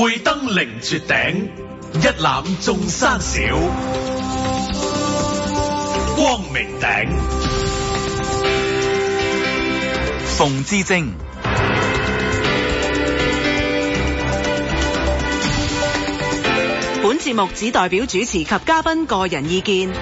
會登凌絕頂，一覽眾山小。光明頂，馮智政。本節目只代表主持及嘉賓個人意見。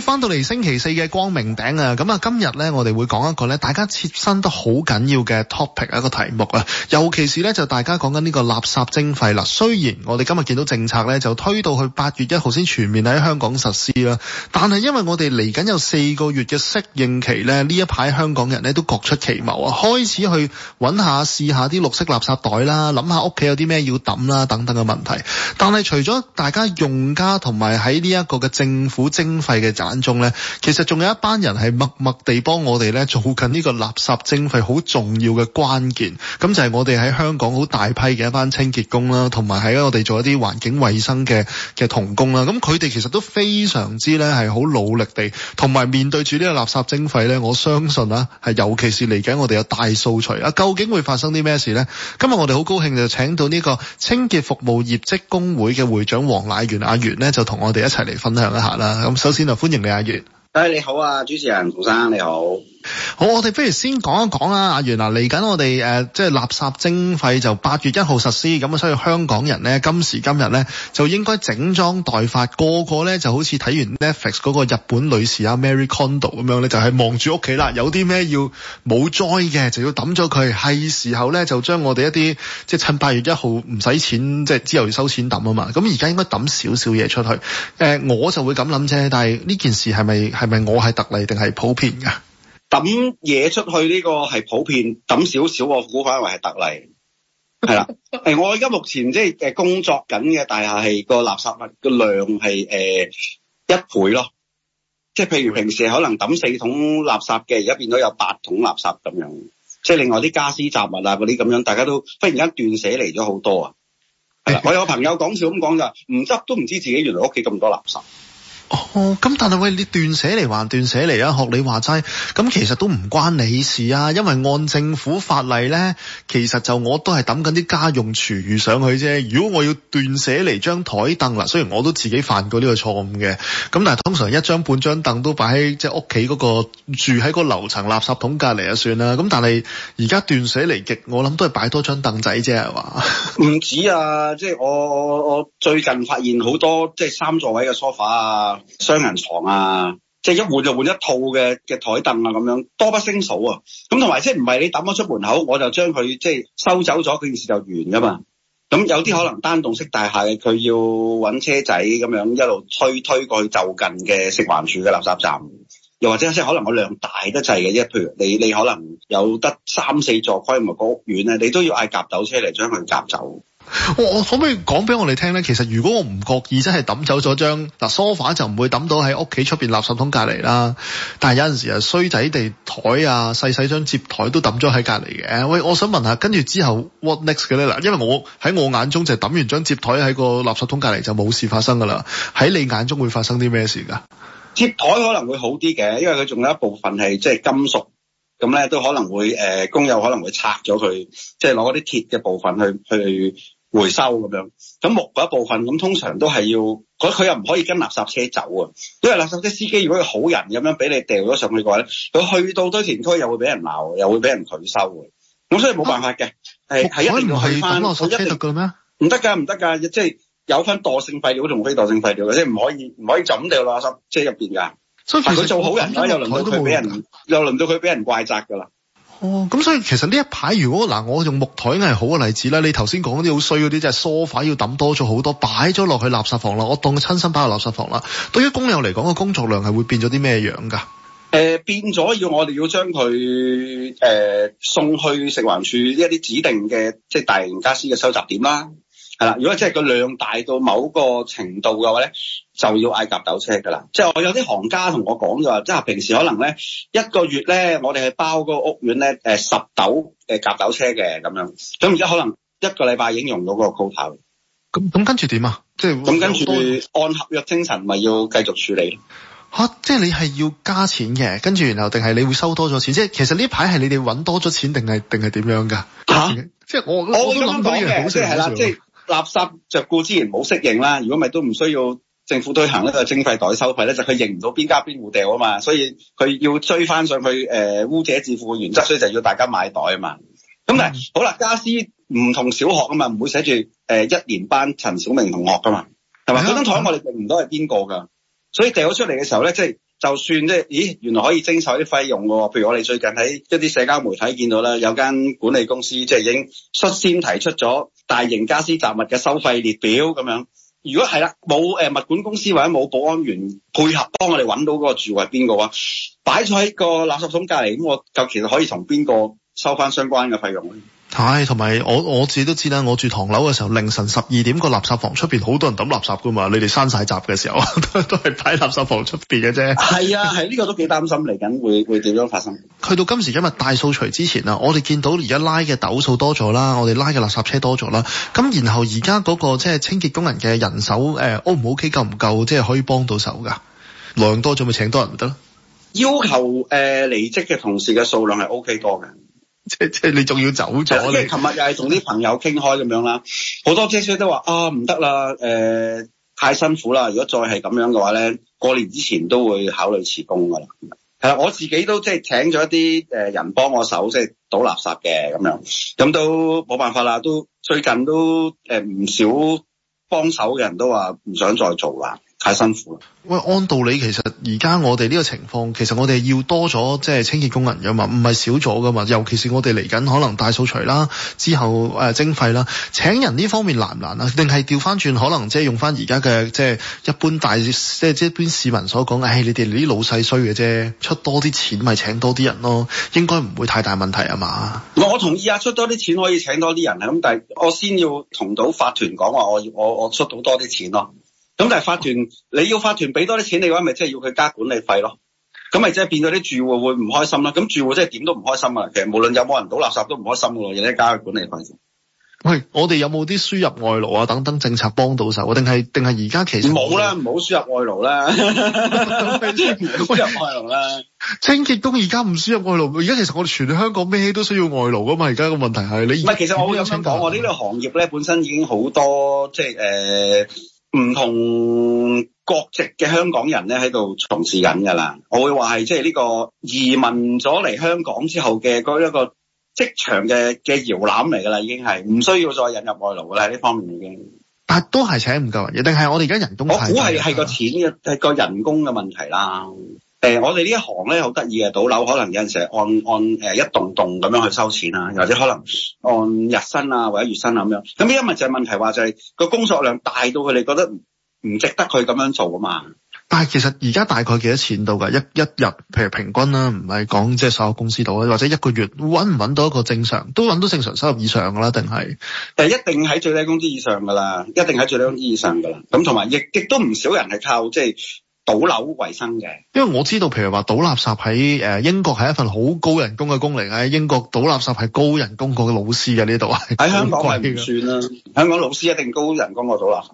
翻到嚟星期四嘅光明頂啊！咁啊，今日呢，我哋會講一個呢，大家切身都好緊要嘅 topic 一個題目啊，尤其是呢，就大家講緊呢個垃圾徵費啦。雖然我哋今日見到政策呢，就推到去八月一號先全面喺香港實施啦，但係因為我哋嚟緊有四個月嘅適應期呢，呢一排香港人呢都各出奇謀啊，開始去揾下試下啲綠色垃圾袋啦，諗下屋企有啲咩要抌啦等等嘅問題。但係除咗大家用家同埋喺呢一個嘅政府徵費嘅中咧，其實仲有一班人係默默地幫我哋咧，做緊呢個垃圾徵費好重要嘅關鍵。咁就係我哋喺香港好大批嘅一班清潔工啦，同埋喺我哋做一啲環境衛生嘅嘅同工啦。咁佢哋其實都非常之咧係好努力地，同埋面對住呢個垃圾徵費咧，我相信啊係尤其是嚟緊我哋有大掃除啊，究竟會發生啲咩事呢？今日我哋好高興就請到呢個清潔服務業職工會嘅會長黃迺元，阿元呢就同我哋一齊嚟分享一下啦。咁首先就歡迎。阿月，你好啊，主持人杜生，你好。好，我哋不如先講一講啊。阿元嚟緊我哋誒、啊，即係垃圾徵費就八月一號實施，咁所以香港人呢，今時今日呢，就應該整裝待發，個個呢就好似睇完 Netflix 嗰個日本女士啊 Mary Condo 咁樣呢就係望住屋企啦。有啲咩要冇災嘅就要抌咗佢，係時候呢，就將我哋一啲即係趁八月一號唔使錢，即係之後要收錢抌啊嘛。咁而家應該抌少少嘢出去誒、呃，我就會咁諗啫。但係呢件事係咪係咪我係特例定係普遍噶？抌嘢出去呢個係普遍，抌少少我估反而係特例，係啦、 哎。我而家目前即係、就是、工作緊嘅，大廈係個垃圾物個量係、呃、一倍咯。即係譬如平時可能抌四桶垃圾嘅，而家變咗有八桶垃圾咁樣。即係另外啲家私雜物啊嗰啲咁樣，大家都忽然間斷捨離咗好多啊。係啦， 我有朋友講笑咁講就唔執都唔知自己原來屋企咁多垃圾。哦，咁但係喂，你斷捨離還斷捨離啊，學你話齋，咁其實都唔關你事啊，因為按政府法例咧，其實就我都係抌緊啲家用廚餘上去啫。如果我要斷捨離張台凳啦，雖然我都自己犯過呢個錯誤嘅，咁但係通常一張半張凳都擺喺即係屋企嗰個住喺嗰個樓層垃圾桶隔籬啊，算啦。咁但係而家斷捨離極，我諗都係擺多張凳仔啫，係嘛？唔止啊，即係我我我最近發現好多即係三座位嘅 sofa 啊。雙人床啊，即係一換就換一套嘅嘅台凳啊，咁樣多不勝數啊。咁同埋即係唔係你抌咗出門口，我就將佢即係收走咗，嗰件事就完㗎嘛。咁有啲可能單棟式大廈佢要揾車仔咁樣一路推推過去就近嘅食環署嘅垃圾站，又或者即係可能嗰量大得滯嘅，啫，譬如你你可能有得三四座規模個屋苑咧，你都要嗌夾斗車嚟將佢夾走。我、哦、我可唔可以講俾我哋聽咧？其實如果我唔覺意真係抌走咗張嗱梳化就唔會抌到喺屋企出邊垃圾桶隔籬啦。但係有陣時啊，衰仔地台啊，細細張接台都抌咗喺隔籬嘅。喂，我想問下，跟住之後 what next 嘅咧嗱？因為我喺我眼中就係抌完張接台喺個垃圾桶隔籬就冇事發生噶啦。喺你眼中會發生啲咩事噶？接台可能會好啲嘅，因為佢仲有一部分係即係金屬咁咧，都可能會誒工友可能會拆咗佢，即係攞嗰啲鐵嘅部分去去。回收咁樣，咁木嗰一部分咁通常都係要，佢佢又唔可以跟垃圾車走啊，因為垃圾車司機如果係好人咁樣俾你掉咗上去嘅話咧，佢去到堆填區又會俾人鬧，又會俾人拒收嘅，咁所以冇辦法嘅，係係一定要去翻，唔得噶唔得噶，即係有分惰性廢料同非惰性廢料嘅，即係唔可以唔可以就咁掉垃圾車入邊噶，所以佢做好人啦，又輪到佢俾人，又輪到佢俾人怪責噶啦。哦，咁所以其實呢一排，如果嗱、啊，我用木枱梗係好嘅例子啦。你頭先講嗰啲好衰嗰啲，即、就、係、是、梳化要抌多咗好多，擺咗落去垃圾房啦，我當佢親身擺落垃圾房啦。對於工友嚟講，個工作量係會變咗啲咩樣㗎、呃？變咗要我哋要將佢、呃、送去食環署一啲指定嘅即係大型家私嘅收集點啦。係啦，如果即係個量大到某個程度嘅話咧，就要嗌夾斗車噶啦。即係我有啲行家同我講嘅話，即係平時可能咧一個月咧，我哋係包嗰個屋苑咧，誒十斗誒夾斗車嘅咁樣。咁而家可能一個禮拜已經用到嗰個 quota 咁，咁跟住點啊？即係咁跟住按合約精神，咪要繼續處理吓，啊，即係你係要加錢嘅，跟住然後定係你會收多咗錢？即係其實呢排係你哋揾多咗錢定係定係點樣㗎？嚇、啊！即係我我都諗到嘅，即啦，即係。垃圾著固之然冇適應啦，如果咪都唔需要政府推行一個徵費袋收費咧，就佢認唔到邊家邊戶掉啊嘛，所以佢要追翻上去誒、呃、污者自負嘅原則，所以就要大家買袋啊嘛。咁但係、嗯、好啦，家私唔同小學啊嘛，唔會寫住、呃、一年班陳小明同學噶嘛，係咪、嗯？嗰張台我哋認唔到係邊個㗎，所以掉咗出嚟嘅時候咧，即係就算即係咦，原來可以徵收啲費用喎。譬如我哋最近喺一啲社交媒體見到啦，有間管理公司即係、就是、已經率先提出咗。大型家私雜物嘅收費列表咁樣，如果係啦，冇誒物管公司或者冇保安員配合，幫我哋搵到嗰個住戶係邊個話，擺咗喺個垃圾桶隔籬，咁我夠其實可以同邊個收翻相關嘅費用咧？唉，同埋、哎、我我自己都知啦，我住唐樓嘅時候，凌晨十二點，個垃圾房出邊好多人抌垃圾噶嘛，你哋閂晒閘嘅時候都都係擺垃圾房出邊嘅啫。係啊，係呢、這個都幾擔心，嚟緊會會點樣發生？去到今時今日大掃除之前啊，我哋見到而家拉嘅斗數多咗啦，我哋拉嘅垃圾車多咗啦。咁然後而家嗰個即係、就是、清潔工人嘅人手誒 O 唔 OK 夠唔夠，即、就、係、是、可以幫到手㗎？量多咗咪請多人得咯？要求誒、呃、離職嘅同事嘅數量係 OK 多嘅。即即 你仲要走咗我哋係琴日又係同啲朋友傾開咁樣啦，好多姐姐都話啊唔得啦，誒、哦呃、太辛苦啦！如果再係咁樣嘅話咧，過年之前都會考慮辭工噶啦。係啦，我自己都即係請咗一啲誒人幫我手，即、就、係、是、倒垃圾嘅咁樣，咁都冇辦法啦。都最近都誒唔、呃、少幫手嘅人都話唔想再做啦。太辛苦啦！喂，按道理其實而家我哋呢個情況，其實我哋要多咗即係清潔工人噶嘛，唔係少咗噶嘛。尤其是我哋嚟緊可能大掃除啦，之後、呃、徵費啦，請人呢方面難唔難啊？定係調翻轉可能即係用翻而家嘅即係一般大即係即係一般市民所講，誒、哎、你哋啲老細衰嘅啫，出多啲錢咪請多啲人咯，應該唔會太大問題啊嘛？我同意啊，出多啲錢可以請多啲人呀咁，但係我先要同到法團講話，我要我我出到多啲錢咯。咁但係法團，你要法團俾多啲錢，你話咪即係要佢加管理費咯？咁咪即係變咗啲住戶會唔開心啦。咁住戶即係點都唔開心啊！其實無論有冇人倒垃圾都唔開心噶咯，要啲加管理費。喂，我哋有冇啲輸入外勞啊？等等政策幫到手啊？定係定係而家其實冇啦，唔好輸入外勞啦。咁清潔工輸入外勞啦？喂清潔工而家唔輸入外勞，而家其實我哋全香港咩都需要外勞噶嘛？而家個問題係你唔係，其實我好有香港，我呢個行業咧本身已經好多即係誒。呃唔同國籍嘅香港人咧喺度從事緊噶啦，我會話係即係呢個移民咗嚟香港之後嘅嗰一個職場嘅嘅搖籃嚟噶啦，已經係唔需要再引入外勞噶啦，呢方面已經。但係都係請唔夠人，定係我哋而家人工人？我估係係個錢嘅，係個人工嘅問題啦。誒、呃，我哋呢一行咧好得意嘅，倒樓可能有陣時按按誒、呃、一棟棟咁樣去收錢啊，或者可能按日薪啊或者月薪啊咁樣。咁呢一咪就係問題，話就係個工作量大到佢哋覺得唔值得佢咁樣做啊嘛。但係其實而家大概幾多錢到㗎？一一日譬如平均啦、啊，唔係講即係所有公司度啦，或者一個月揾唔揾到一個正常，都揾到正常收入以上㗎啦？定係？定係一定係？誒，一定喺最低工資以上㗎啦，一定喺最低工資以上㗎啦。咁同埋亦亦都唔少人係靠即係。倒樓為生嘅，因為我知道，譬如話倒垃圾喺誒英國係一份好高人工嘅工嚟咧。英國倒垃圾係高人工過老師嘅，呢度喺香港係唔算啦。 香港老師一定高人工過倒垃圾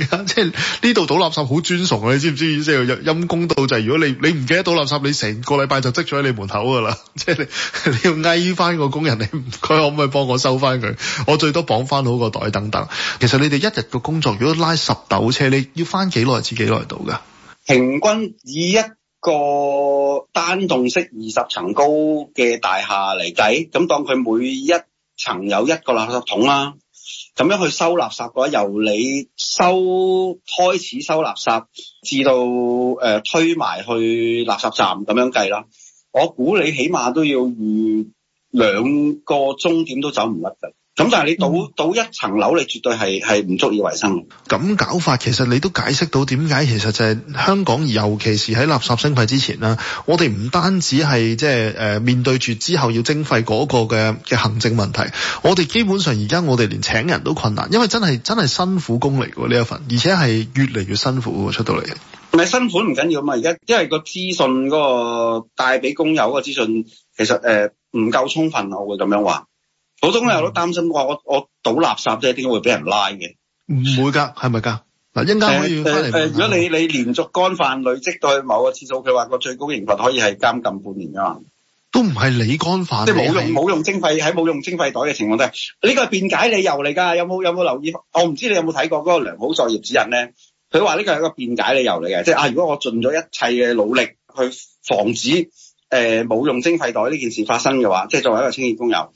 係啊， 即係呢度倒垃圾好尊崇啊，你知唔知？意思係陰公到就係，如果你你唔記得倒垃圾，你成個禮拜就積咗喺你門口噶啦。即係你你要嗌翻個工人，你佢可唔可以幫我收翻佢？我最多綁翻好個袋等等。其實你哋一日個工作，如果拉十斗車，你要翻幾耐至幾耐到噶？平均以一個單棟式二十層高嘅大廈嚟計，咁當佢每一層有一個垃圾桶啦、啊，咁樣去收垃圾嘅話，由你收開始收垃圾至到誒、呃、推埋去垃圾站咁樣計啦，我估你起碼都要預兩個鐘點都走唔甩嘅。咁但係你倒倒一層樓，你絕對係係唔足以為生。咁搞法其實你都解釋到點解，其實就係香港，尤其是喺垃圾徵費之前啦，我哋唔單止係即係誒面對住之後要徵費嗰個嘅嘅行政問題，我哋基本上而家我哋連請人都困難，因為真係真係辛苦工嚟嘅呢一份，而且係越嚟越辛苦出到嚟。唔係辛苦唔緊要嘛，而家因為個資訊、嗰個帶俾工友個資訊，其實誒唔夠充分，我會咁樣話。普通咧有都擔心過我我倒垃圾啫，點解會俾人拉嘅？唔會噶，係咪噶？嗱，應該要翻誒如果你你連續干犯累積到去某個次數，佢話個最高刑罰可以係監禁半年噶嘛？都唔係你干犯你，即係冇用冇用徵費喺冇用徵費袋嘅情況底下，呢個係辯解理由嚟噶？有冇有冇留意？我唔知你有冇睇過嗰個良好作業指引咧？佢話呢個係一個辯解理由嚟嘅，即係啊！如果我盡咗一切嘅努力去防止誒冇用徵費袋呢件事發生嘅話，即係作為一個清潔工友，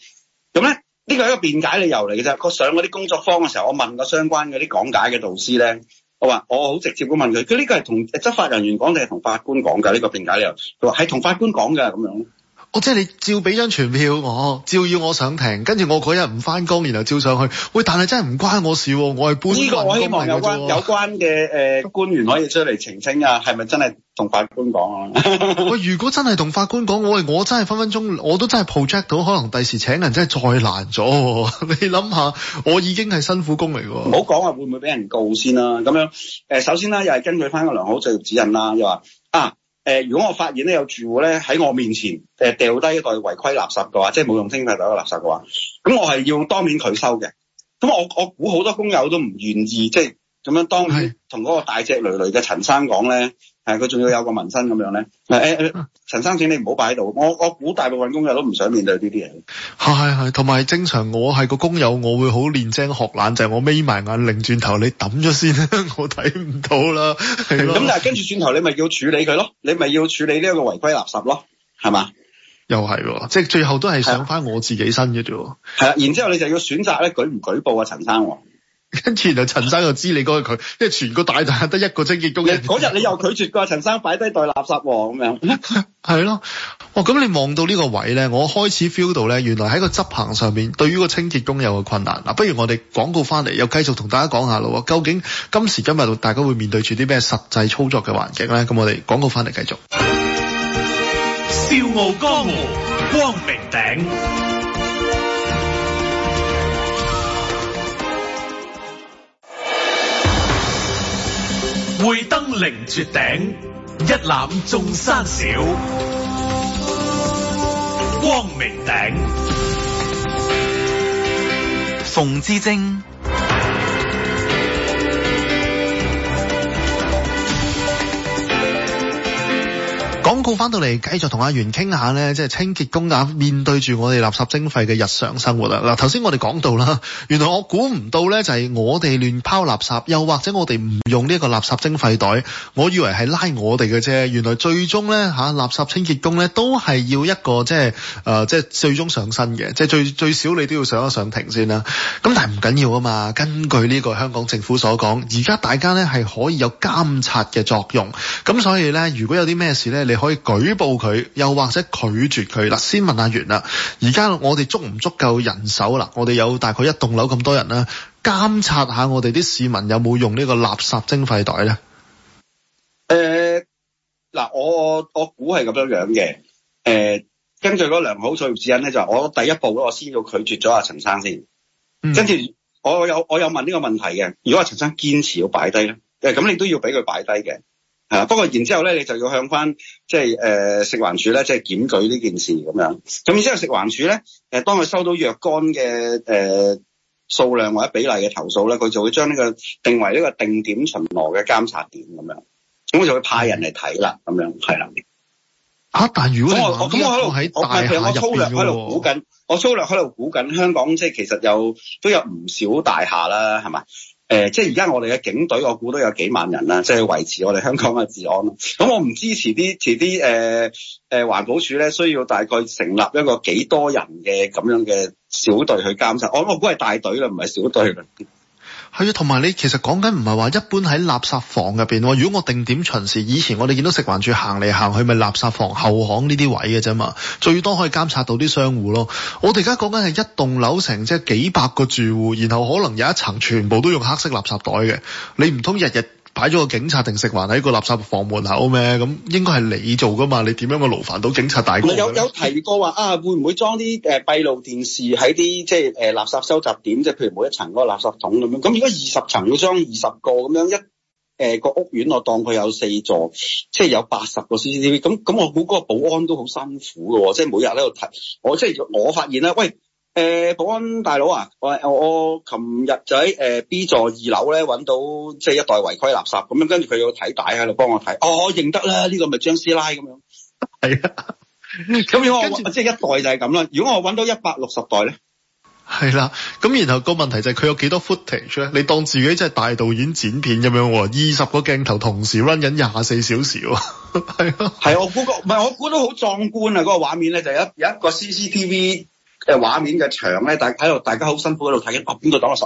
咁咧，呢個係一個辯解理由嚟嘅啫。我上嗰啲工作坊嘅時候，我問過相關嗰啲講解嘅導師咧，我話我好直接咁問佢，佢呢個係同執法人員講定係同法官講㗎呢個辯解理由？佢話係同法官講㗎咁樣。我、哦、即係你照俾張傳票我、哦，照要我上庭，跟住我嗰日唔翻工，然後照上去。喂，但係真係唔關我事，我係搬運工呢個我希望有關嘅誒官員可以出嚟澄清啊，係咪真係同法官講啊？ 喂，如果真係同法官講，我我真係分分鐘，我都真係 project 到，可能第時請人真係再難咗、啊。你諗下，我已經係辛苦工嚟。唔好講話會唔會俾人告先啦、啊。咁樣誒、呃，首先啦、啊，又係根據翻個良好職業指引啦、啊，又話啊。誒，如果我發現咧有住戶咧喺我面前誒掉低一袋違規垃圾嘅話，即係冇用清潔袋嘅垃圾嘅話，咁我係要當面拒收嘅。咁我我估好多工友都唔願意，即係咁樣當同嗰個大隻累累嘅陳生講咧。係，佢仲要有個紋身咁樣咧。誒誒，陳生，請你唔好擺喺度。我我估大部分工友都唔想面對呢啲嘢。係係係，同埋正常，我係個工友，我會好練精學懶，就係我眯埋眼，擰轉頭，你抌咗先，我睇唔到啦。咁但係跟住轉頭，你咪要處理佢咯，你咪要處理呢一個違規垃，垃圾咯，係嘛？又係，即係最後都係上翻我自己身嘅啫。係啦，啊啊，然之後你就要選擇咧，舉唔舉報啊，陳生。跟住原來陳生就知你嗰個佢，即係全個大廈得一個清潔工人。嗱，嗰日你又拒絕噶陳生擺低袋垃圾喎，咁樣。係咯，哇、哦！咁你望到呢個位咧，我開始 feel 到咧，原來喺個執行上面對於個清潔工有個困難。嗱，不如我哋廣告翻嚟，又繼續同大家講一下啦。究竟今時今日大家會面對住啲咩實際操作嘅環境咧？咁我哋廣告翻嚟繼續。笑傲江湖，光明頂。會登凌絕頂，一覽眾山小。光明頂，馮智政。廣告翻到嚟，繼續同阿元傾下呢即係清潔工啊，面對住我哋垃圾徵費嘅日常生活啦。嗱，頭先我哋講到啦，原來我估唔到呢就係我哋亂拋垃圾，又或者我哋唔用呢個垃圾徵費袋，我以為係拉我哋嘅啫。原來最終呢，嚇，垃圾清潔工呢都係要一個即係即係最終上身嘅，即係最最少你都要上一上庭先啦。咁但係唔緊要啊嘛，根據呢個香港政府所講，而家大家呢係可以有監察嘅作用。咁所以呢，如果有啲咩事呢，你可以舉報佢，又或者拒絕佢嗱。先問阿元啦。而家我哋足唔足夠人手啊？我哋有大概一棟樓咁多人啦，監察下我哋啲市民有冇用呢個垃圾徵費袋咧？誒嗱、呃，我我估係咁樣樣嘅。誒、呃，根據嗰良好作業指引咧，就我第一步咧，我先要拒絕咗阿陳生先。嗯、跟住我有我有問呢個問題嘅。如果阿陳生堅持要擺低咧，誒咁你都要俾佢擺低嘅。係啦、啊，不過然之後咧，你就要向翻即係誒、呃、食環署咧，即係檢舉呢件事咁樣。咁然之後食環署咧，當佢收到若干嘅誒、呃、數量或者比例嘅投訴咧，佢就會將呢個定為呢個定點巡邏嘅監察點咁樣，咁我就會派人嚟睇啦咁樣，係啦。啊，但如果我咁我喺度喺我粗略喺度估緊，我粗略喺度估緊香港即係其實有都有唔少大廈啦，係咪？誒、呃，即係而家我哋嘅警隊，我估都有幾萬人啦，即係維持我哋香港嘅治安啦，咁、嗯、我唔知啲，遲啲誒誒環保署咧需要大概成立一個幾多人嘅咁樣嘅小隊去監察。我我估係大隊啦，唔係小隊啦。係啊，同埋你其實講緊唔係話一般喺垃圾房入邊喎。如果我定點巡視，以前我哋見到食環處行嚟行去，咪垃圾房後巷呢啲位嘅啫嘛。最多可以監察到啲商戶咯。我哋而家講緊係一棟樓成即係幾百個住戶，然後可能有一層全部都用黑色垃圾袋嘅，你唔通日日？擺咗個警察定食環喺個垃圾房門口咩？咁應該係你做噶嘛？你點樣個勞煩到警察大哥？我有有提過話啊，會唔會裝啲誒閉路電視喺啲即係誒垃圾收集點，即係譬如每一層嗰個垃圾桶咁樣？咁如果二十層要裝二十個咁樣，一誒個屋苑，我當佢有四座，即係有八十個 CCTV。咁咁我估嗰個保安都好辛苦嘅喎，即係每日喺度睇。我即係我發現咧，喂。誒，保安大佬啊，我我我琴日就喺誒 B 座二樓咧揾到即係一代違規垃圾，咁樣跟住佢有睇帶喺度幫我睇，哦，我認得啦，呢，這個咪張師奶咁樣，係啊，咁如果我着即係一代就係咁啦，如果我揾到一百六十代咧，係啦，啊，咁然後個問題就係佢有幾多 footage 咧？你當自己即係大導演剪片咁樣，二十個鏡頭同時 run 緊廿四小時，係咯，啊，係，啊，我估個唔係我估到好壯觀啊！嗰，那個畫面咧就一有一個 CCTV。誒，畫面嘅牆咧，大喺度，大家好辛苦喺度睇緊哦，邊度擋我十？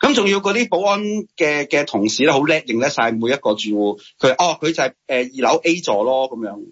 咁仲要嗰啲保安嘅嘅同事咧，好叻認得晒每一個住戶，佢話，哦，佢就係誒二樓 A 座咯，咁樣。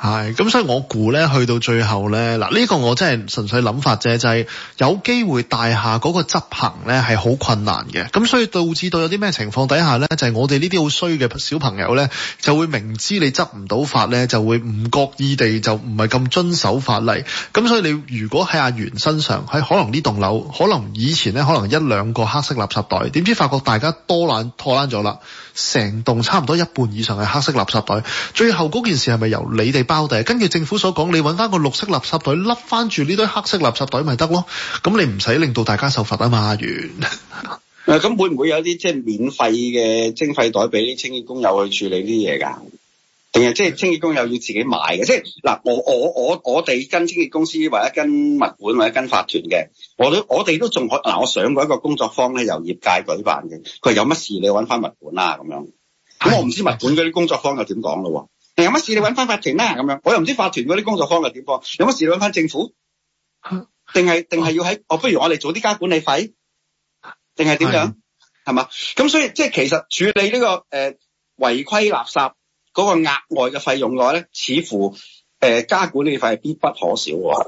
係，咁所以我估呢，去到最後呢，嗱、這、呢個我真係純粹諗法啫，就係、是、有機會大廈嗰個執行呢係好困難嘅，咁所以導致到有啲咩情況底下呢，就係、是、我哋呢啲好衰嘅小朋友呢，就會明知你執唔到法呢，就會唔覺意地就唔係咁遵守法例，咁所以你如果喺阿元身上，喺可能呢棟樓，可能以前呢，可能一兩個黑色垃圾袋，點知發覺大家多攔拖爛咗啦。成棟差唔多一半以上係黑色垃圾袋，最後嗰件事係咪由你哋包底？跟住政府所講，你揾翻個綠色垃圾袋笠翻住呢堆黑色垃圾袋咪得咯？咁你唔使令到大家受罰啊嘛，阿元 、啊。咁會唔會有啲即係免費嘅徵費袋俾啲清潔工友去處理啲嘢㗎？定係即係清潔工又要自己買嘅，即係嗱，我我我我哋跟清潔公司或者跟物管或者跟法團嘅，我都我哋都仲可嗱，我上過一個工作坊咧，由業界舉辦嘅，佢有乜事你搵翻物管啦咁樣，咁我唔知物管嗰啲工作坊又點講咯？定有乜事你搵翻法團啦、啊？咁樣，我又唔知法團嗰啲工作坊又點講。有乜事你搵翻政府，定係定係要喺，我、 哦、不如我哋早啲加管理費，定係點樣係嘛？咁 所以即係其實處理呢、這個誒違規垃圾。嗰個額外嘅費用嘅話咧，似乎誒、呃、加管理費係必不可少喎。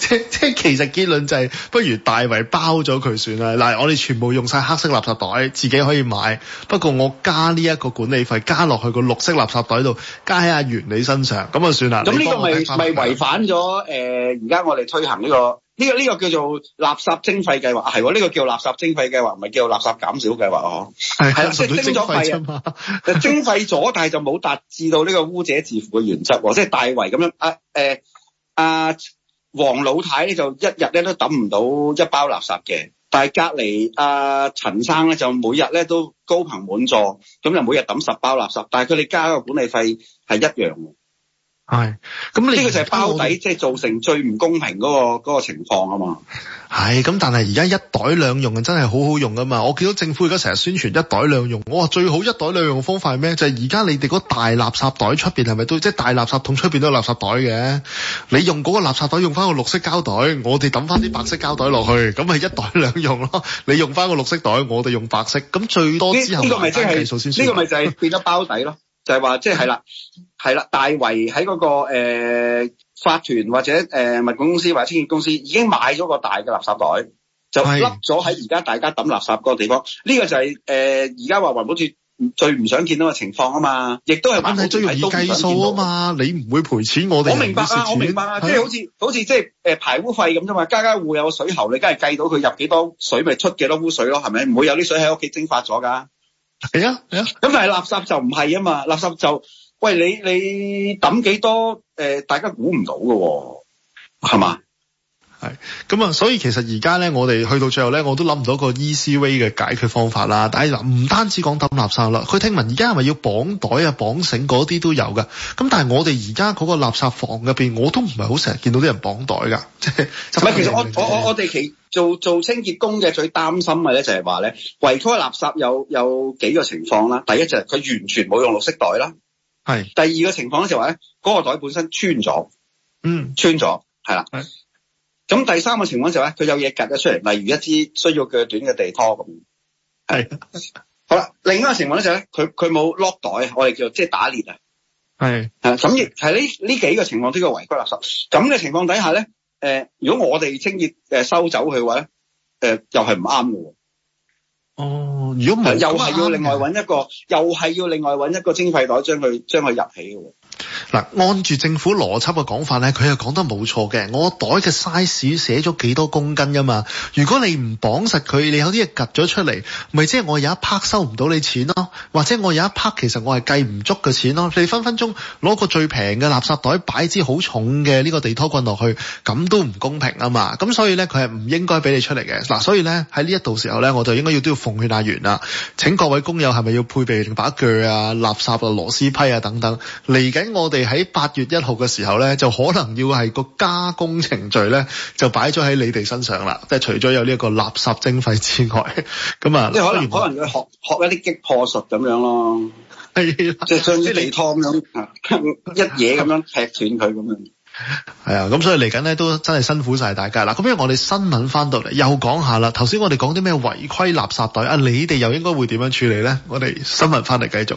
即即 其實結論就係、是，不如大圍包咗佢算啦。嗱，我哋全部用晒黑色垃圾袋，自己可以買。不過我加呢一個管理費，加落去個綠色垃圾袋度，加喺阿元你身上，咁啊算啦。咁呢個咪咪違反咗誒？而、呃、家我哋推行呢、這個。呢、這個呢、這個叫做垃圾徵費計劃，係、啊、喎，呢、啊這個叫垃圾徵費計劃，唔係叫垃圾減少計劃、啊、哦。係係啦，即係徵咗費啊嘛，誒徵費咗， 但係就冇達至到呢個污者自負嘅原則喎，即係大圍咁樣啊誒啊，啊黃老太咧就一日咧都抌唔到一包垃圾嘅，但係隔離阿陳生咧就每日咧都高朋滿座，咁就每日抌十包垃圾，但係佢哋交嘅管理費係一樣的。係，咁呢個就係包底，即係造成最唔公平嗰、嗰個、嗰個情況啊嘛。係，咁但係而家一袋兩用的真係好好用噶嘛。我見到政府而家成日宣傳一袋兩用，我、哦、話最好一袋兩用嘅方法係咩？就係而家你哋嗰大垃圾袋出邊係咪都即係、即係、大垃圾桶出邊都有垃圾袋嘅？你用嗰個垃圾袋用翻個綠色膠袋，我哋抌翻啲白色膠袋落去，咁咪、嗯、一袋兩用咯？你用翻個綠色袋，我哋用白色，咁最多之後翻技術先。呢個咪就係變咗包底咯， 就係話即係啦。就是係啦，大圍喺嗰個誒法團或者誒、呃、物管公司或者清潔公司已經買咗個大嘅垃圾袋，就笠咗喺而家大家抌垃圾嗰個地方。呢的個就係誒而家話環保署最唔想見到嘅情況啊嘛，亦都係環保署係都想見到啊嘛。你唔會賠錢我哋，我明白啊，我明白啊，的即係好似的好似即係誒排污費咁啫嘛。家家戶有水喉，你梗係計到佢入幾多水，咪出幾多污水咯，係咪？唔會有啲水喺屋企蒸發咗噶？係啊係啊，咁但係垃圾就唔係啊嘛，垃圾就。喂，你你抌幾多、呃？大家估唔到㗎喎、哦，係嘛吧？係咁啊，所以其實而家咧，我哋去到最後咧，我都諗唔到個 ECV 嘅解決方法啦。但係嗱，唔單止講抌垃圾啦，佢聽聞而家係咪要綁袋啊、綁繩嗰啲都有㗎。咁但係我哋而家嗰個垃圾房入邊，我都唔係好成日見到啲人綁袋㗎。即係係？其實我我我我哋其做做清潔工嘅最擔心嘅咧，就係話咧，圍區垃圾有有幾個情況啦。第一就係佢完全冇用綠色袋啦。係，第二個情況咧就話咧，嗰、那個袋本身穿咗，嗯，穿咗，係啦，咁的第三個情況就咧，佢有嘢夾咗出嚟，例如一支需要鋸短嘅地拖咁，係，的好啦，另一個情況咧就咧、是，佢佢冇 lock 袋，我哋叫做即係打裂啊，係的，係的，咁亦係呢呢幾個情況都叫違規垃圾，咁嘅情況底下咧，誒、呃，如果我哋清潔誒、呃、收走佢嘅話咧，誒、呃，又係唔啱嘅。哦，如果唔係，又係要另外揾一個，是又係要另外揾一個徵費袋將佢將佢入起嘅。嗱，按住政府邏輯嘅講法咧，佢係講得冇錯嘅。我袋嘅 size 寫咗幾多公斤啊嘛？如果你唔綁實佢，你有啲嘢趷咗出嚟，咪即係我有一 part 收唔到你錢咯，或者我有一 part 其實我係計唔足嘅錢咯。你分分鐘攞個最平嘅垃圾袋，擺支好重嘅呢個地拖棍落去，咁都唔公平啊嘛！咁所以咧，佢係唔應該俾你出嚟嘅。嗱，所以咧喺呢一度時候咧，我就應該要都要奉勸阿元啦。請各位工友係咪要配備把鋸啊、垃圾啊、螺絲批啊等等嚟緊？我哋喺八月一號嘅時候咧，就可能要係個加工程序咧，就擺咗喺你哋身上啦。即係除咗有呢一個垃圾徵費之外，咁啊，即係可能可能要學學一啲擊破術咁樣咯，即係的像地拖咁樣，一嘢咁樣踢斷佢咁樣。係啊， 咁所以嚟緊咧都真係辛苦晒大家啦。咁因為我哋新聞翻到嚟又講下啦，頭先我哋講啲咩違規垃圾袋啊，你哋又應該會點樣處理咧？我哋新聞翻嚟繼續。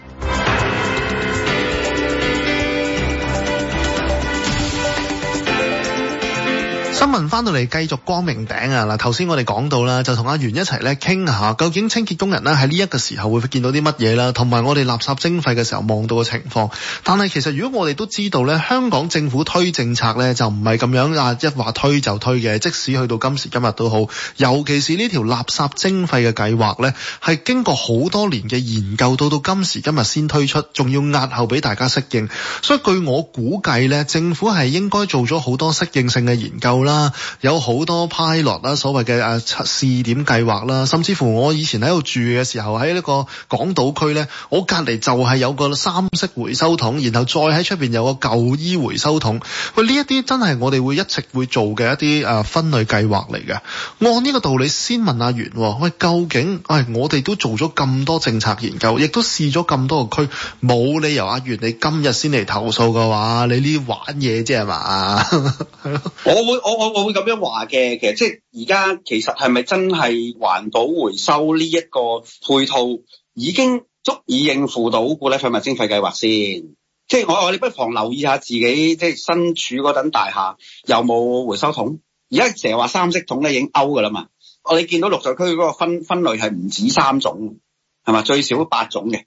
新聞翻到嚟繼續光明頂啊！嗱，頭先我哋講到啦，就同阿元一齊咧傾下，究竟清潔工人呢喺呢一個時候會見到啲乜嘢啦，同埋我哋垃圾徵費嘅時候望到嘅情況。但係其實如果我哋都知道呢，香港政府推政策呢，就唔係咁樣啊，一話推就推嘅。即使去到今時今日都好，尤其是呢條垃圾徵費嘅計劃呢，係經過好多年嘅研究，到到今時今日先推出，仲要押後俾大家適應。所以據我估計呢，政府係應該做咗好多適應性嘅研究啦。啊、有好多 pilot 啦，所謂嘅誒試點計劃啦，甚至乎我以前喺度住嘅時候，喺呢個港島區呢，我隔籬就係有個三色回收桶，然後再喺出邊有個舊衣回收桶。喂、哎，呢一啲真係我哋會一直會做嘅一啲誒、啊、分類計劃嚟嘅。按呢個道理，先問，問阿元，喂，究竟誒、哎、我哋都做咗咁多政策研究，亦都試咗咁多個區，冇理由阿元你今日先嚟投訴嘅話，你呢玩嘢啫係嘛？係 我會我會。我我會咁樣話嘅，其實即係而家其實係咪真係環保回收呢一個配套已經足以應付到固體廢物徵費計劃先？即係我我哋不妨留意下自己即係身處嗰等大廈有冇回收桶？而家成日話三色桶咧，已經歐噶啦嘛！我哋見到綠在區區嗰個分分類係唔止三種，係嘛，最少八種嘅。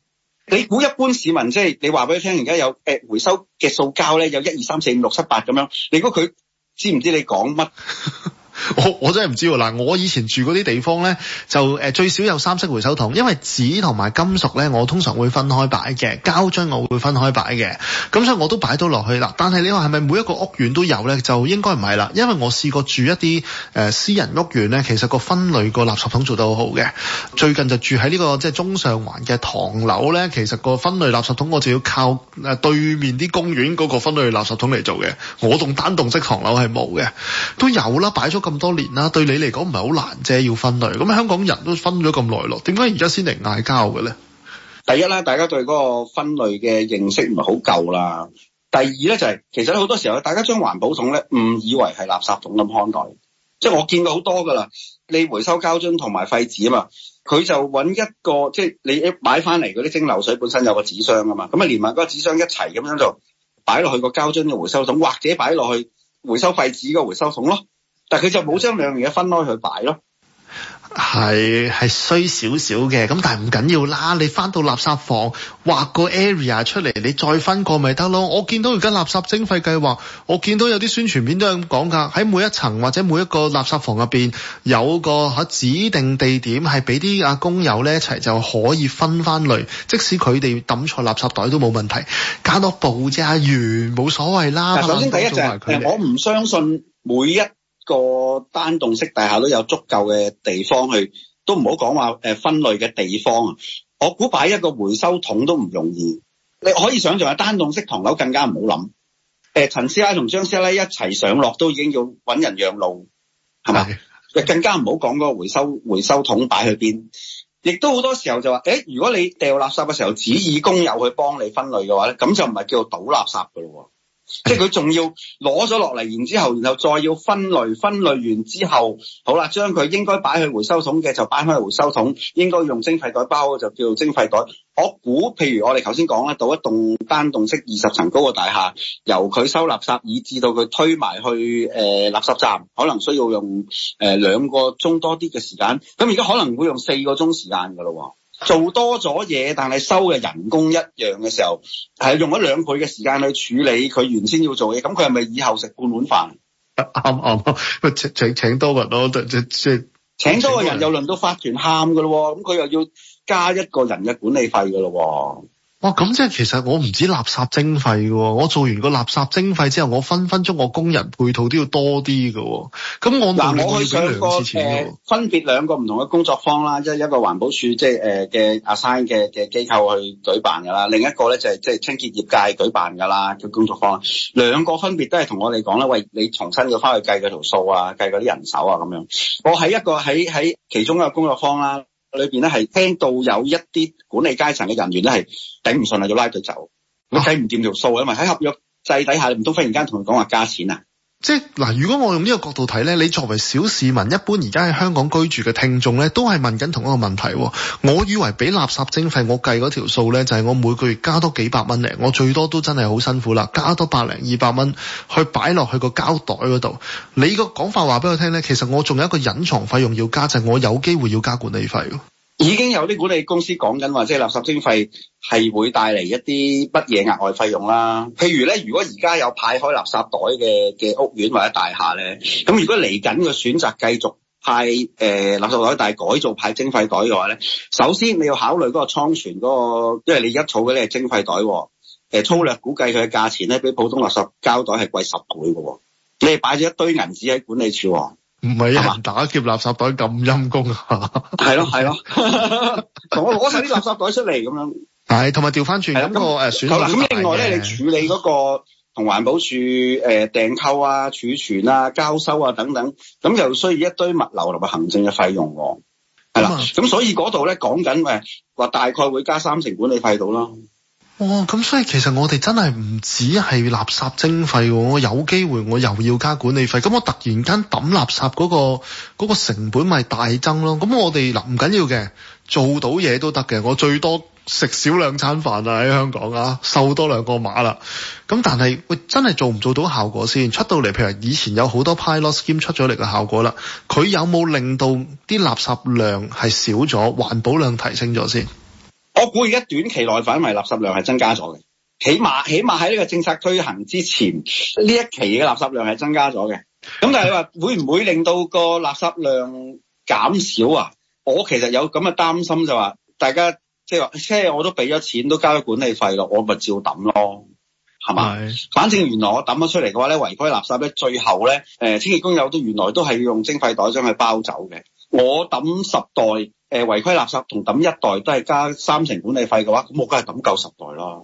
你估一般市民，即係你話俾佢聽，而家有回收嘅塑膠咧，有一二三四五六七八咁樣，你估佢？知唔知你講乜？ 我我真係唔知喎，嗱，我以前住嗰啲地方呢，就、呃、最少有三色回收桶，因為紙同埋金屬呢，我通常會分開擺嘅，膠樽我會分開擺嘅，咁所以我都擺到落去啦。但係你話係咪每一個屋苑都有呢？就應該唔係啦，因為我試過住一啲、呃、私人屋苑呢，其實個分類個垃圾桶做得好好嘅。最近就住喺呢個即係中上環嘅唐樓呢，其實個分類垃圾桶我就要靠對面啲公園嗰個分類垃圾桶嚟做嘅。我棟單棟式唐樓係冇嘅，都有啦，擺咗。咁多年啦，對你嚟講唔係好難啫，要分類。咁香港人都分咗咁耐咯，點解而家先嚟嗌交嘅咧？第一咧，大家對嗰個分類嘅認識唔係好夠啦。第二咧就係、是、其實好多時候，大家將環保桶咧誤以為係垃圾桶咁看待，即係我見過好多㗎啦。你回收膠樽同埋廢紙啊嘛，佢就揾一個即係你一買翻嚟嗰啲蒸餾水本身有個紙箱㗎嘛，咁啊連埋嗰個紙箱一齊咁樣就擺落去個膠樽嘅回收桶，或者擺落去回收廢紙嘅回收桶咯。但佢就冇將兩樣嘢分開去擺咯，係係衰少少嘅，咁但係唔緊要啦。你翻到垃圾房畫個 area 出嚟，你再分個咪得咯。我見到而家垃圾徵費計劃，我見到有啲宣傳片都有咁講噶。喺每一層或者每一個垃圾房入邊，有個喺指定地點係俾啲阿工友咧一齊就可以分翻類，即使佢哋抌錯垃圾袋都冇問題，加多部啫，阿員冇所謂啦。首先第一就係、呃、我唔相信每一。個單棟式大廈都有足夠嘅地方去，都唔好講話誒分類嘅地方啊！我估擺一個回收桶都唔容易，你可以想象下單棟式唐樓更加唔好諗。誒、呃，陳師奶同張師奶一齊上落都已經要搵人讓路，係咪？是更加唔好講嗰個回收回收桶擺去邊，亦都好多時候就話：誒，如果你掉垃圾嘅時候指意工友去幫你分類嘅話咧，咁就唔係叫做倒垃圾噶咯。即係佢仲要攞咗落嚟，然之後，然後再要分類，分類完之後，好啦，將佢應該擺去回收桶嘅就擺去回收桶，應該用徵費袋包嘅就叫做徵費袋。我估，譬如我哋頭先講啦，到一棟單棟式二十層高嘅大廈，由佢收垃圾，以至到佢推埋去誒、呃、垃圾站，可能需要用、呃、兩個鐘多啲嘅時間。咁而家可能會用四個鐘時,時間㗎喎。做多咗嘢，但係收嘅人工一樣嘅時候，係用咗兩倍嘅時間去處理佢原先要做嘢，咁佢係咪以後食半碗飯？啱啱、啊啊啊，請請請多人咯，即即請多個人，人又輪到法團喊㗎咯，咁佢又要加一個人嘅管理費㗎咯。哇！咁、哦、即係其實我唔止垃圾徵費嘅喎，我做完個垃圾徵費之後，我分分鐘我工人配套都要多啲㗎喎。咁我嗱，我上個誒分別兩個唔同嘅工作坊啦，即係一個環保署即係誒嘅 assign 嘅嘅機構去舉辦㗎啦，另一個咧就係即係清潔業界舉辦㗎啦，叫工作坊。兩個分別都係同我哋講啦，喂，你重新要翻去計嗰條數啊，計嗰啲人手啊咁樣。我喺一個喺喺其中一個工作坊啦。裏邊咧係聽到有一啲管理階層嘅人員咧係頂唔順啊，要拉佢走，佢計唔掂條數啊，因為喺合約制底下，唔通忽然間同佢講話加錢啊？即係嗱，如果我用呢個角度睇咧，你作為小市民，一般而家喺香港居住嘅聽眾咧，都係問緊同一個問題。我以為俾垃圾徵費，我計嗰條數咧，就係我每個月加多幾百蚊咧，我最多都真係好辛苦啦，加多百零二百蚊去擺落去個膠袋嗰度。你個講法話俾我聽咧，其實我仲有一個隱藏費用要加，就係我有機會要加管理費。已經有啲管理公司講緊話，即係垃圾徵費係會帶嚟一啲乜嘢額外費用啦。譬如咧，如果而家有派開垃圾袋嘅嘅屋苑或者大廈咧，咁如果嚟緊嘅選擇繼續派誒、呃、垃圾袋，但係改造派徵費袋嘅話咧，首先你要考慮嗰個倉存嗰個，因為你一儲啲係徵費袋、哦，誒、呃、粗略估計佢嘅價錢咧，比普通垃圾膠袋係貴十倍嘅、哦，你擺咗一堆銀紙喺管理處、哦。唔係行打劫垃圾袋咁陰功啊！係咯，係咯，同我攞晒啲垃圾袋出嚟咁樣。係，同埋調翻轉咁個選擇。咁另外咧，嗯、你處理嗰個同環保署訂、呃、購啊、儲存啊、交收啊等等，咁又需要一堆物流同埋行政嘅費用喎。係啦，咁麼所以嗰度咧講緊誒話大概會加三成管理費到咯。哇，咁、哦、所以其實我哋真係唔止係垃圾徵費，我有機會我又要加管理費，咁我突然間抌垃圾嗰、嗰個嗰、嗰個成本咪大增咯？咁我哋嗱唔緊要嘅，做到嘢都得嘅，我最多食少兩餐飯啦，喺香港啊，瘦多兩個碼啦。咁但係喂，真係做唔做到效果先？出到嚟，譬如以前有好多 Pilot Scheme 出咗嚟嘅效果啦，佢有冇令到啲垃圾量係少咗，環保量提升咗先？我估而家短期內反為垃圾量係增加咗嘅，起碼起碼喺呢個政策推行之前，呢一期嘅垃圾量係增加咗嘅。咁但係你話會唔會令到個垃圾量減少啊？我其實有咁嘅擔心就話，大家即係話，即係我都俾咗錢，都交咗管理費照咯，我咪照抌咯，係嘛？反正原來我抌咗出嚟嘅話咧，違規垃圾咧，最後咧，誒清潔工友都原來都係要用徵費袋將佢包走嘅。我抌十袋。呃、違規垃圾同抌一袋都係加三成管理費嘅話，咁我梗係抌夠十袋啦。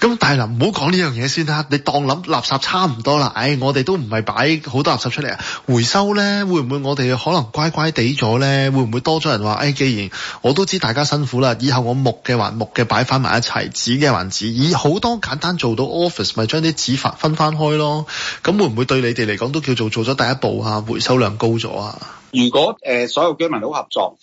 咁大林唔好講呢樣嘢先啦，你當諗垃圾差唔多啦。誒、哎，我哋都唔係擺好多垃圾出嚟啊。回收咧會唔會我哋可能乖乖地咗咧？會唔會多咗人話誒、哎？既然我都知大家辛苦啦，以後我木嘅還木嘅擺翻埋一齊，紙嘅還紙，以好多簡單做到 office 咪將啲紙分分翻開咯。咁會唔會對你哋嚟講都叫做做咗第一步啊？回收量高咗啊！如果、呃、所有居民都合作。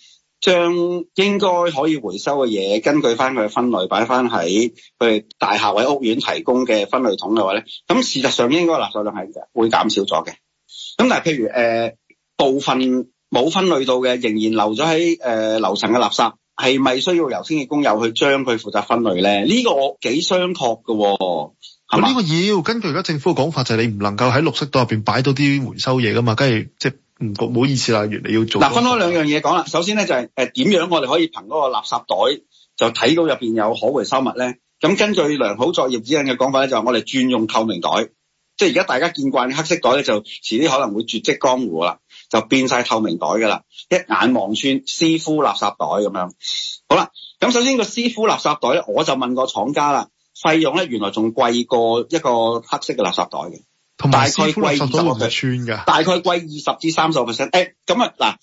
將應該可以回收嘅嘢，根據翻佢嘅分類擺翻喺佢哋大廈位屋苑提供嘅分類桶嘅話咧，咁事實上應該垃圾量係會減少咗嘅。咁但係譬如誒、呃、部分冇分類到嘅，仍然留咗喺誒樓層嘅垃圾，係咪需要由清潔工友去將佢負責分類咧？呢、呢個我幾商榷㗎喎、哦。呢個要吧根據而家政府嘅講法就，就係你唔能夠喺綠色袋入面擺到啲回收嘢噶嘛，跟住即係。唔好，唔好意思啦，原嚟要做嗱，分開兩樣嘢講啦。首先咧就係誒，點樣我哋可以憑嗰個垃圾袋就睇到入邊有可回收物咧？咁根據良好作業指引嘅講法咧，就係我哋轉用透明袋，即係而家大家見慣黑色袋咧，就遲啲可能會絕迹江湖啦，就變晒透明袋噶啦，一眼望穿，師傅垃圾袋咁樣。好啦，咁首先嗰個師傅垃圾袋咧，我就問過廠家啦，費用咧原來仲貴過一個黑色嘅垃圾袋嘅。大概貴二十個 percent，大概貴二十至三十個 percent。誒咁、哎、啊嗱，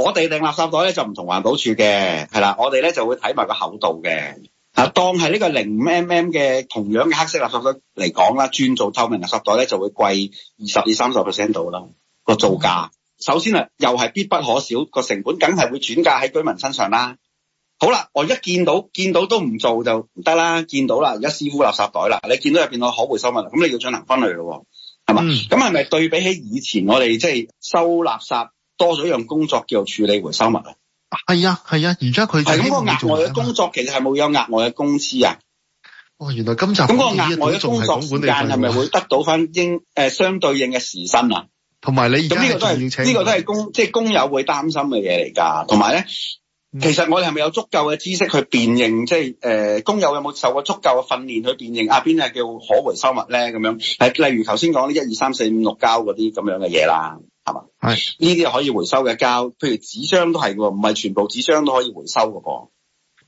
我哋定垃圾袋咧就唔同環保處嘅係啦，我哋咧就會睇埋個厚度嘅啊，當係呢個零五 mm 嘅同樣嘅黑色垃圾袋嚟講啦，轉做透明垃圾袋咧就會貴二十至三十 percent 度啦個造價。嗯、首先啊，又係必不可少個成本，梗係會轉嫁喺居民身上啦。好啦，我一見到見到都唔做就唔得啦，見到啦而家師傅垃圾袋啦，你見到入邊個可回收物咁，你要進行分類咯。係嘛？咁係咪對比起以前我哋即係收垃圾多咗一樣工作叫做處理回收物啊？係啊係啊，而家佢係咁個額外嘅工作其實係冇有額外嘅工資啊？哦，原來今集咁個額外嘅工作時間係咪會得到返應誒、呃、相對應嘅時薪啊？同埋你而家咁呢個都係呢個都係工即係、就是、工友會擔心嘅嘢嚟噶，同埋咧。嗯、其實我哋係咪有足夠嘅知識去辨認，即係誒，呃、工友有冇受過足夠嘅訓練去辨認阿邊係叫可回收物咧？咁樣係，例如頭先講啲一二三四五六膠嗰啲咁樣嘅嘢啦，係嘛？係呢啲可以回收嘅膠，譬如紙箱都係噶，唔係全部紙箱都可以回收噶噃。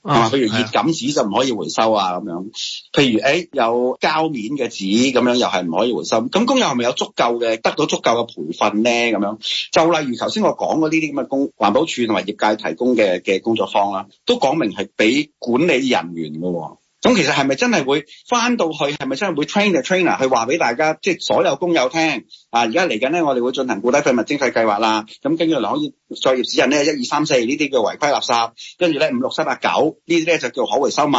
啊，譬如熱感紙就唔可以回收啊，咁樣，譬如誒、欸、有膠面嘅紙咁樣又係唔可以回收，咁工友係咪有足夠嘅得到足夠嘅培訓咧？咁樣就例如頭先我講過呢啲咁嘅工，環保署同埋業界提供嘅嘅工作坊啦，都講明係俾管理人員嘅喎、啊。咁其實係咪真係會翻到去？係咪真係會 train the trainer 去話俾大家，即係所有工友聽啊？而家嚟緊咧，我哋會進行固體廢物徵費計劃啦。咁跟住嚟可以作業指引咧，一二三四呢啲叫違規垃，垃圾，跟住咧五六七八九呢啲咧就叫可回收物。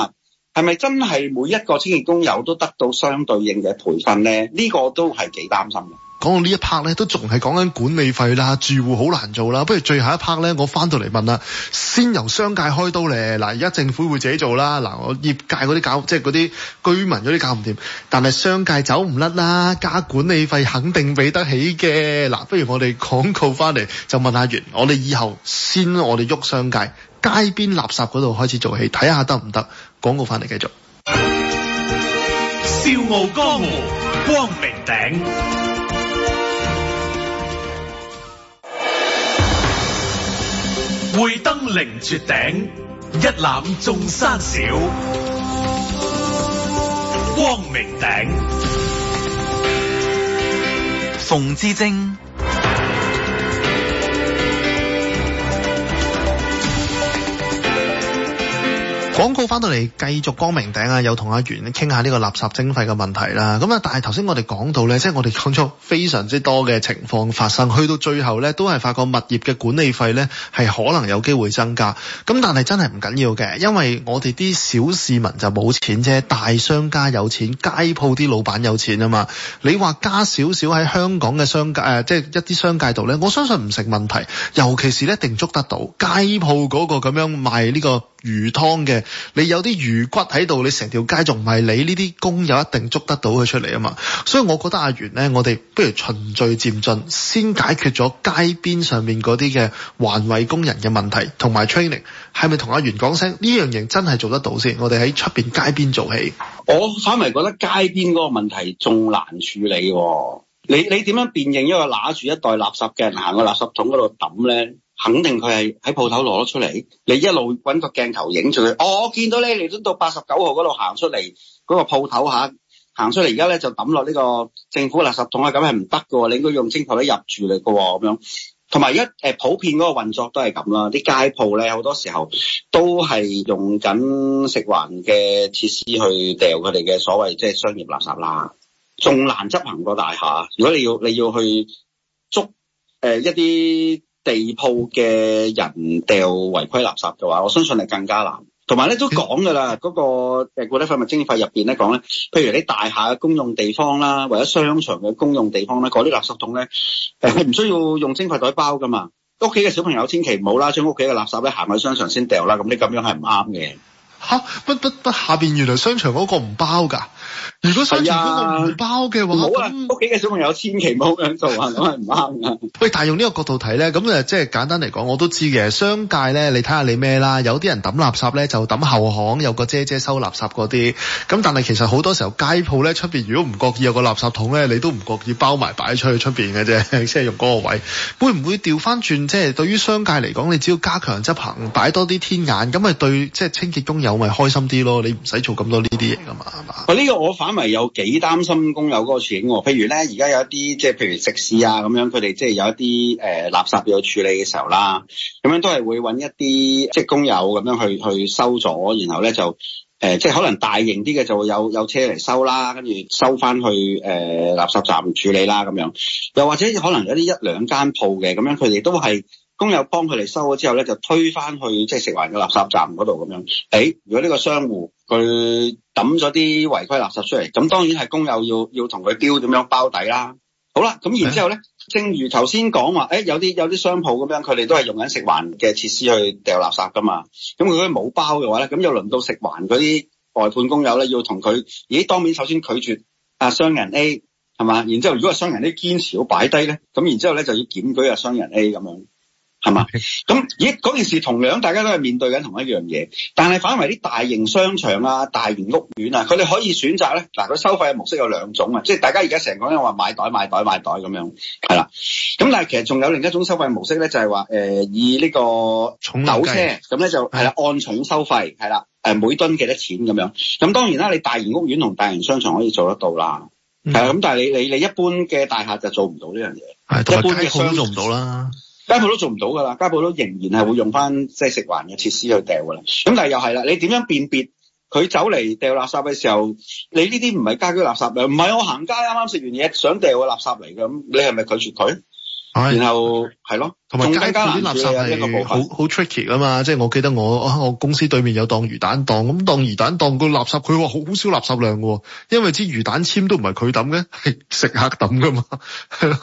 係咪真係每一個清潔工友都得到相對應嘅培訓呢？呢、呢個都係幾擔心嘅。講到呢一 part 咧，都仲係講緊管理費啦，住戶好難做啦。不如最後一 part 咧，我翻到嚟問啦，先由商界開刀咧。嗱，而家政府會自己做啦。嗱，我業界嗰啲搞，即係嗰啲居民嗰啲搞唔掂，但係商界走唔甩啦，加管理費肯定俾得起嘅嗱。不如我哋廣告翻嚟就問下元我哋以後先我哋喐商界街邊垃圾嗰度開始做起，睇下得唔得？廣告翻嚟，繼續。笑傲江湖，光明頂。會登凌絕頂，一覽眾山小。光明頂。馮智政。廣告翻到嚟，繼續光明頂啊！有同阿元傾下呢個垃圾徵費嘅問題啦。咁啊，但係頭先我哋講到呢，即係我哋講咗非常之多嘅情況發生，去到最後呢，都係發覺物業嘅管理費呢係可能有機會增加。咁但係真係唔緊要嘅，因為我哋啲小市民就冇錢啫，大商家有錢，街鋪啲老闆有錢啊嘛。你話加少少喺香港嘅商界即係、呃即係、一啲商界度呢，我相信唔成問題，尤其是呢一定捉得到街鋪嗰個咁樣賣呢、呢個。魚湯嘅，你有啲魚骨喺度，你成條街仲唔係你呢啲工友一定捉得到佢出嚟啊嘛，所以我覺得阿元呢，我哋不如循序漸進，先解決咗街邊上面嗰啲嘅環衛工人嘅問題同埋 training，係咪同阿元講聲呢樣嘢真係做得到先？我哋喺出面街邊做起，我反為覺得街邊嗰個問題仲難處理喎。哦，你你點樣辨認一個拿住一袋垃圾嘅人行個垃圾桶嗰度揼呢？肯定佢係喺鋪頭攞咗出嚟，你一路揾個鏡頭影住佢。我見到咧，你都到八十九號嗰度行出嚟，嗰、嗰個鋪頭下行出嚟，而家咧就抌落呢個政府垃圾桶啊，咁係唔得㗎喎，你應該用清潔車入住嚟㗎喎咁樣。同埋而家誒普遍嗰個運作都係咁啦，啲街鋪咧好多時候都係用緊食環嘅設施去掉佢哋嘅所謂即係商業垃圾啦，仲難執行過大廈。如果你要你要去捉、呃、一啲。地鋪嘅人掉違規垃圾嘅話，我相信係更加難。同埋咧都講㗎啦，嗰、嗯、個誒固體廢物徵費入面咧講咧，譬如你大廈嘅公用地方啦，或者商場嘅公用地方咧，嗰啲垃圾桶咧係唔需要用徵費袋包㗎嘛。屋企嘅小朋友千祈唔好啦，將屋企嘅垃圾咧行去商場先掉啦。咁你咁樣係唔啱嘅。嚇不不下邊原來商場嗰個唔包㗎？如果收錢嗰度唔包嘅話，好啊！屋企嘅小朋友千祈唔好咁樣做，係咪唔啱啊？喂，但係用呢個角度睇咧，咁誒，即係簡單嚟講，我都知嘅。商界咧，你睇下你咩啦？有啲人抌垃圾咧，就抌後巷，有個姐姐收垃圾嗰啲。咁但係其實好多時候街鋪咧，出邊如果唔覺意有個垃圾桶咧，你都唔覺意包埋擺出去出邊嘅啫，即係用嗰個位。會唔會調翻轉？即係對於商界嚟講，你只要加強執行，擺多啲天眼，咁咪對即係清潔工友咪開心啲咯？你唔使做咁多呢啲嘢噶嘛？啊，呢個我反為有幾擔心工友嗰個錢喎、哦，譬如咧而家有一啲即係譬如食肆啊咁樣，佢哋即係有一啲誒、呃、垃圾要處理嘅時候啦，咁樣都係會揾一啲即係工友咁樣去去收咗，然後咧就、呃、即係可能大型啲嘅就會有有車嚟收啦，跟住收返去誒、呃、垃圾站處理啦咁樣，又或者可能有啲一,一兩間鋪嘅咁樣，佢哋都係。工友幫佢哋收咗之後咧，就推返去即係、就是、食環嘅垃圾站嗰度咁樣。誒、欸，如果呢個商戶佢抌咗啲違規垃圾出嚟，咁當然係工友要要同佢丟咁樣包底啦。好啦，咁然之後咧，嗯、正如頭先講話，誒、欸、有啲有啲商鋪咁樣，佢哋都係用緊食環嘅設施去掉垃圾噶嘛。咁如果佢冇包嘅話咧，咁又輪到食環嗰啲外判工友咧，要同佢，咦、欸、當面首先拒絕啊商人 A 係嘛？然之後如果係商人 A 堅持要擺低咧，咁然之後咧就要檢舉啊商人 A 咁樣。係嘛？咁咦，嗰件事同樣大家都係面對緊同一樣嘢，但係反為啲大型商場啊、大型屋苑啊，佢哋可以選擇咧。嗱，佢收費嘅模式有兩種啊，即係大家而家成日講咧話買袋買袋買袋咁樣，係啦。咁但係其實仲有另一種收費模式咧，就係話誒以呢個重斗車咁咧就係啦，的按重收費係啦，誒每噸幾多錢咁樣。咁當然啦，你大型屋苑同大型商場可以做得到啦。係咁、嗯、但係你你你一般嘅大廈就做唔到呢樣嘢，一般嘅商做唔到啦。街鋪都做唔到噶啦，街鋪都仍然係會用翻即係食環嘅設施去掉噶啦。咁但係又係啦，你點樣辨別佢走嚟掉垃圾嘅時候，你呢啲唔係家居垃圾嚟，唔係我行街啱啱食完嘢想掉個垃圾嚟嘅咁，你係咪拒絕佢？然後係咯，同埋街嗰啲垃圾係好好 tricky 啊嘛！即係我記得我我公司對面有檔魚蛋檔，咁檔魚蛋檔個垃圾佢話好少垃圾量㗎，因為啲魚蛋籤都唔係佢抌嘅，係食客抌嘅嘛。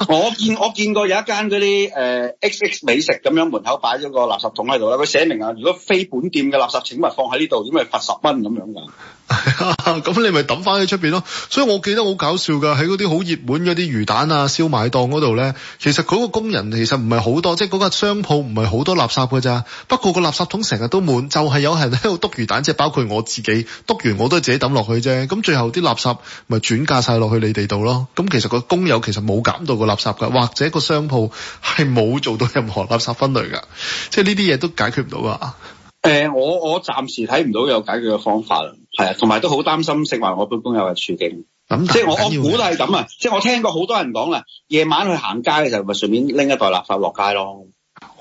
我見 我見過有一間嗰啲、呃、XX 美食咁樣門口擺咗個垃圾桶喺度啦，佢寫明啊，如果非本店嘅垃圾請勿放喺呢度，點咪罰十蚊咁樣㗎？咁、 嗯、你咪抌翻喺出邊咯。所以我記得好搞笑噶喺嗰啲好熱門嗰啲魚蛋啊，燒賣檔嗰度呢，其實佢個工人其實唔係好多，即係嗰個商鋪唔係好多垃圾噶咋。不過個垃圾桶成日都滿，就係、是、有人喺度督魚蛋，即係包括我自己督完我都係自己抌落去啫。咁最後啲垃圾咪轉嫁晒落去你哋度咯。咁其實個工友其實冇減到個垃圾噶，或者個商鋪係冇做到任何垃圾分類噶，即係呢啲嘢都解決唔到啊。誒、呃，我我暫時睇唔到有解決嘅方法係啊，同埋都好擔心剩埋我半工友嘅處境，咁即係我我估都係咁啊！即係我聽過好多人講啦，夜晚去行街嘅時候，咪順便拎一袋垃圾落街咯。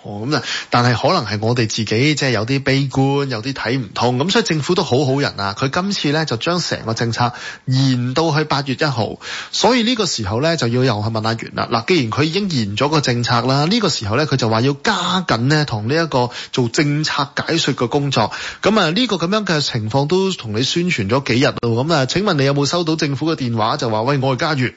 哦，咁啊、嗯，但係可能係我哋自己即係有啲悲觀，有啲睇唔通，咁所以政府都好好人啊，佢今次呢，就將成個政策延到去八月一號，所以呢個時候呢，就要又去問阿元啦。嗱，既然佢已經延咗個政策啦，呢、呢個時候呢，佢就話要加緊呢，同呢一個做政策解說嘅工作。咁啊，呢個咁樣嘅情況都同你宣傳咗幾日咯。咁啊，請問你有冇收到政府嘅電話就話喂，我係嘉源？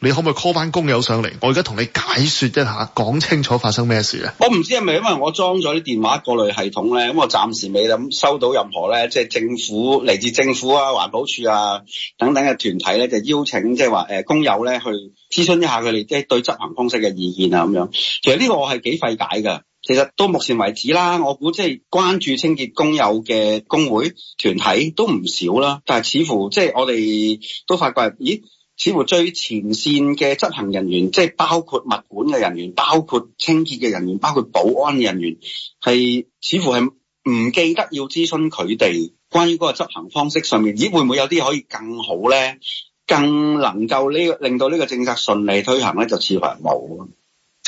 你可唔可以 call 班工友上嚟？我而家同你解說一下，講清楚發生咩事咧？我唔知係咪因為我裝咗啲電話過濾系統咧，咁我暫時未能收到任何咧，即係政府嚟自政府啊、環保署啊等等嘅團體咧，就邀請即係話誒工友咧去諮詢一下佢哋即係對執行方式嘅意見啊咁樣。其實呢個我係幾費解㗎。其實到目前為止啦，我估即係關注清潔工友嘅工會團體都唔少啦，但係似乎即係我哋都發覺，咦？似乎最前線嘅執行人員，即係包括物管嘅人員、包括清潔嘅人員、包括保安嘅人員，係似乎係唔記得要諮詢佢哋關於嗰個執行方式上面，咦會唔會有啲可以更好咧？更能夠呢令到呢個政策順利推行咧？就似乎係冇。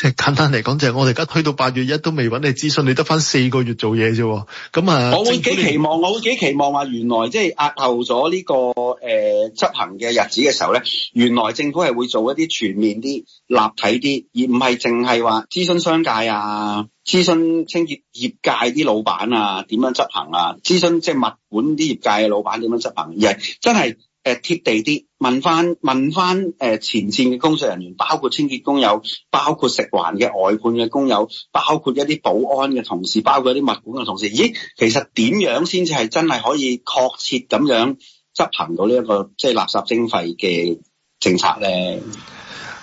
即係簡單嚟講，就係我哋而家推到八月一都未揾你諮詢，你得翻四個月做嘢啫。咁啊，我會幾期望，我會幾期望話原來即係押後咗呢個、呃、執行嘅日子嘅時候咧，原來政府係會做一啲全面啲、立體啲，而唔係淨係話諮詢商界啊、諮詢清潔業界啲老闆啊點樣執行啊、諮詢即係、就是、物管啲業界嘅老闆點樣執行，而係真係。誒、呃、貼地啲問翻問翻誒、呃、前線嘅工作人員，包括清潔工友，包括食環嘅外判嘅工友，包括一啲保安嘅同事，包括一啲物管嘅同事。咦，其實點樣先至係真係可以確切咁樣執行到呢、這、一個即係、就是、垃圾徵費嘅政策咧？嗯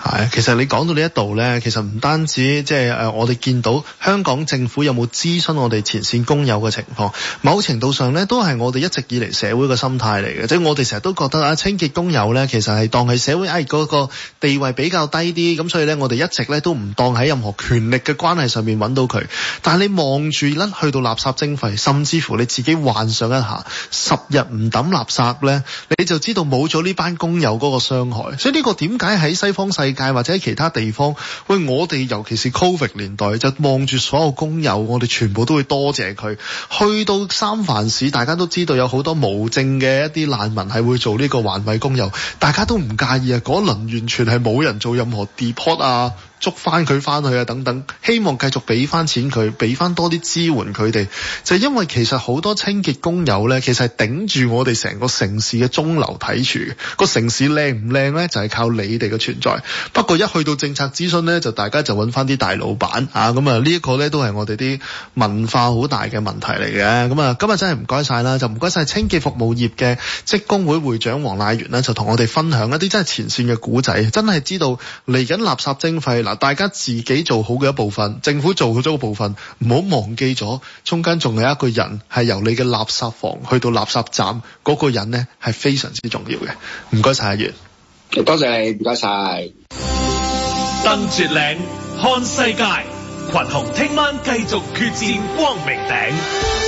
係，其實你講到呢一度呢，其實唔單止即係我哋見到香港政府有冇諮詢我哋前線工友嘅情況，某程度上呢，都係我哋一直以嚟社會嘅心態嚟嘅，即係我哋成日都覺得啊，清潔工友呢，其實係當係社會哎，嗰個地位比較低啲，咁所以呢，我哋一直呢都唔當喺任何權力嘅關係上面揾到佢。但係你望住呢去到垃圾徵費，甚至乎你自己幻想一下十日唔抌垃圾呢，你就知道冇咗呢班工友嗰個傷害。所以呢個點解喺西方世，或者其他地方，喂，我哋尤其是 Covid 年代就望住所有工友，我哋全部都會多謝佢。去到三藩市，大家都知道有好多無證嘅一啲難民係會做呢個環衛工友，大家都唔介意啊！嗰輪完全係冇人做任何 deport 啊！捉翻佢翻去啊！等等，希望繼續俾翻錢佢，俾翻多啲支援佢哋。就係因為其實好多清潔工友呢，其實係頂住我哋成個城市嘅中流砥柱嘅。個城市靚唔靚呢，就係靠你哋嘅存在。不過一去到政策諮詢呢，就大家就揾翻啲大老闆啊。咁啊！呢一個呢都係我哋啲文化好大嘅問題嚟嘅。咁啊，今日真係唔該晒啦，就唔該晒清潔服務業嘅職工會會長黃迺元呢，就同我哋分享一啲真係前線嘅古仔，真係知道嚟緊垃圾徵費。嗱，大家自己做好嘅一部分，政府做好咗嘅部分，唔好忘記咗，中間仲有一個人，係由你嘅垃圾房去到垃圾站嗰個人咧，係非常之重要嘅。唔該曬，阿元。多謝你，唔該曬。登絕嶺看世界，群雄聽晚繼續決戰光明頂。